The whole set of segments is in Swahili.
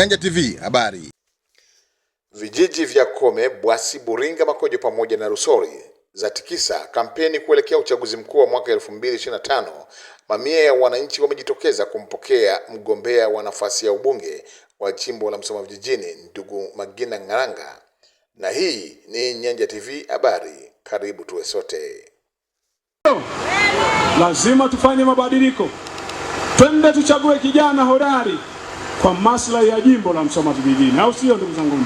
Nyanja TV habari. Vijiji vya Kome, Bwasi, Buringa, Makojo pamoja na Rusori zatikisa kampeni kuelekea uchaguzi mkuu wa mwaka 2025. Mamia ya wananchi wamejitokeza kumpokea mgombea wa nafasi ya ubunge wa jimbo la Msoma Vijijini, ndugu Magina Ng'aranga. Na hii ni Nyanja TV habari, karibu tuwe sote. Lazima tufanye mabadiliko, twende tuchague kijana hodari kwa maslahi ya jimbo la Msoma vijijini, au sio ndugu zangu?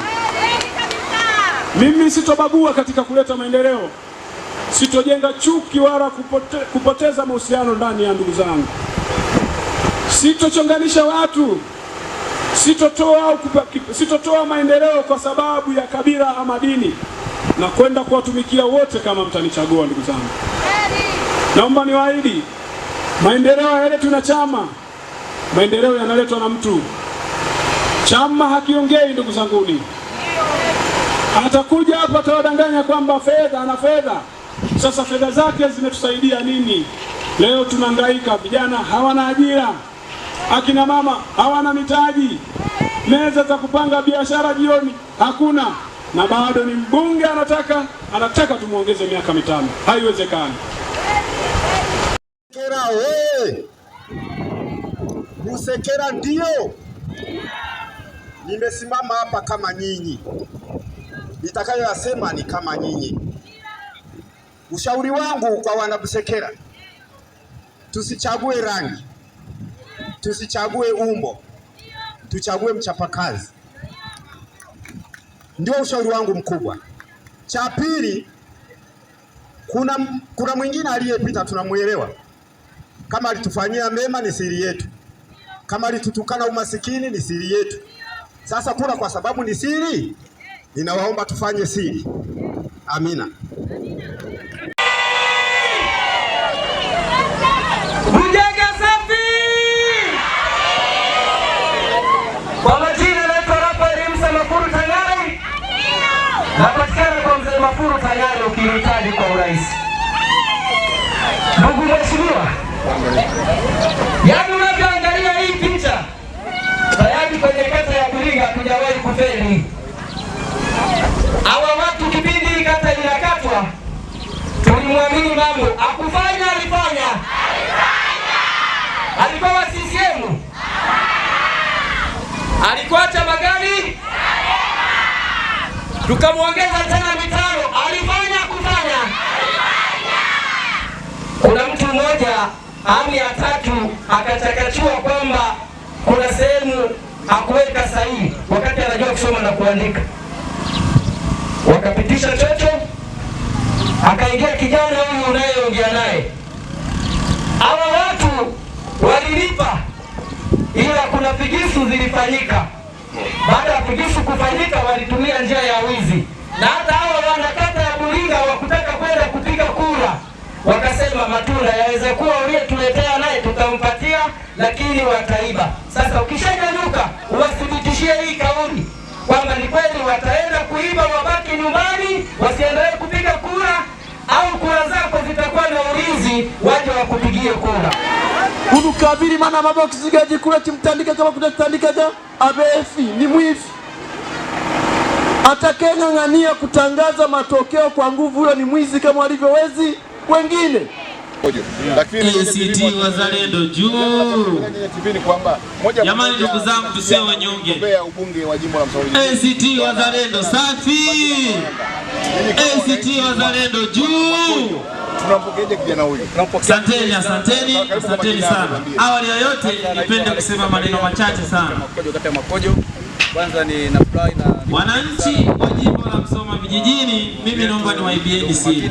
Mimi sitobagua katika kuleta maendeleo, sitojenga chuki wala kupote, kupoteza mahusiano ndani ya ndugu zangu, sitochonganisha watu, sitotoa sitotoa maendeleo kwa sababu ya kabila ama dini, na kwenda kuwatumikia wote kama mtanichagua. Ndugu zangu, naomba niwaahidi maendeleo hayaletwi na chama, maendeleo yanaletwa na mtu. Chama hakiongei ndugu zanguni, atakuja hapa atawadanganya kwamba fedha ana fedha. Sasa fedha zake zimetusaidia nini? Leo tunangaika, vijana hawana ajira, akina mama hawana mitaji, meza za kupanga biashara jioni hakuna, na bado ni mbunge anataka anataka tumwongeze miaka mitano. Haiwezekani. Musekera ndio nimesimama hapa kama nyinyi, nitakayoyasema ni kama nyinyi. Ushauri wangu kwa wanabusekera, tusichague rangi, tusichague umbo, tuchague mchapakazi. Ndio ushauri wangu mkubwa. Cha pili, kuna, kuna mwingine aliyepita tunamwelewa. Kama alitufanyia mema ni siri yetu, kama alitutukana umasikini ni siri yetu. Sasa kura kwa sababu ni siri, ninawaomba tufanye siri. Amina. Mafuru Tayari ukihitaji kwa urahisi. Ndugu mheshimiwa. Yaani kufeni. Hawa watu kipindi kata inakatwa, tulimwamini mambo akufanya, alifanya alikuwa wa CCM, alikuwa chama gani? Tukamwongeza tena mitano, alifanya kufanya. Kuna mtu mmoja ami ya tatu akachakachua kwamba kuna sehemu hakuweka sahihi wakati kusoma na kuandika. Wakapitisha chocho, akaingia kijana huyu unayeongea naye. Hawa watu walilipa, ila kuna figisu zilifanyika. Baada ya figisu kufanyika, walitumia njia ya wizi, na hata hawa wanakata ya Buringa wakutaka kwenda kupiga kura wakasema matunda yaweze kuwa uliyetuletea naye tutampatia, lakini wataiba. Sasa ukishanyanyuka uwathibitishie hii kauli kwamba ni kweli wataenda kuiba, wabaki nyumbani, wasiendelee kupiga kura, au kura zako zitakuwa na ulinzi, waje wakupigie kura kunukabiri maana maboksi gaji kura kimtandika kama ja abefi ni mwivi atakeng'ang'ania kutangaza matokeo kwa nguvu, huyo ni mwizi kama walivyowezi wengine pojo. Lakini ACT Wazalendo juu. Jamani, ndugu zangu, tusiwe wanyonge. ACT Wazalendo safi. ACT Wazalendo juu. Tunampokeaje kijana huyu? Asanteni, asanteni, asanteni sana. Awali ya yote, nipende kusema maneno machache sana. Kwanza ni na wananchi wa jimbo la Msoma vijijini, mimi naomba niwaibieni siri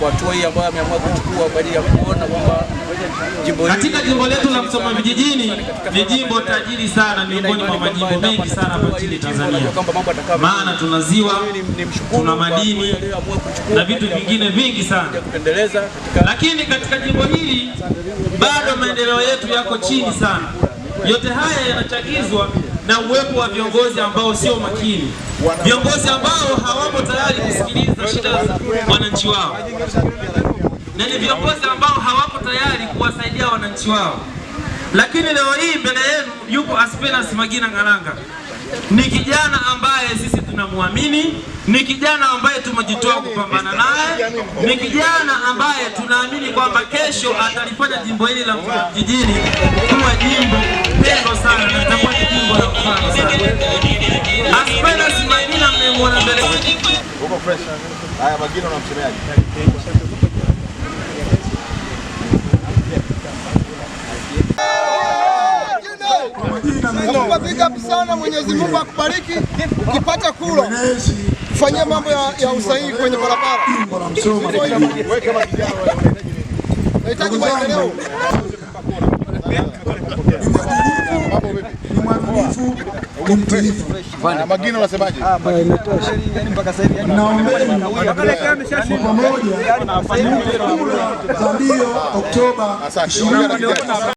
kwa hatua hii ambayo ameamua kuchukua kwa ajili ya kuona kwamba jimbo hili katika jimbo letu la Musoma vijijini ni jimbo tajiri sana, miongoni mwa majimbo mengi sana hapa nchini Tanzania, maana tuna ziwa, tuna madini na vitu vingine vingi sana, lakini katika jimbo hili bado maendeleo yetu yako chini sana. Yote haya yanachagizwa na uwepo wa viongozi ambao sio makini, viongozi ambao hawapo tayari kusikiliza shida za wananchi wao, na ni viongozi ambao hawapo tayari kuwasaidia wananchi wao. Lakini leo hii mbele yenu yuko Aspenas Magina Ngalanga, ni kijana ambaye sisi tunamwamini, ni kijana ambaye tumejitoa kupambana naye, ni kijana ambaye tunaamini kwamba kesho atalifanya jimbo hili la vijijini kuwa jimbo pendo sana na litakuwa jimbo la mfano sana. Aspenas Maimuna mmemwona mbele. Eh? Haya, Magina unamsemeaje? sana. Mwenyezi Mungu akubariki. Ukipata kula fanyia mambo ya, ya usahihi kwenye barabara. Nahitaji maendeleo. Magina unasemaje? Ah, yaani yaani yaani Oktoba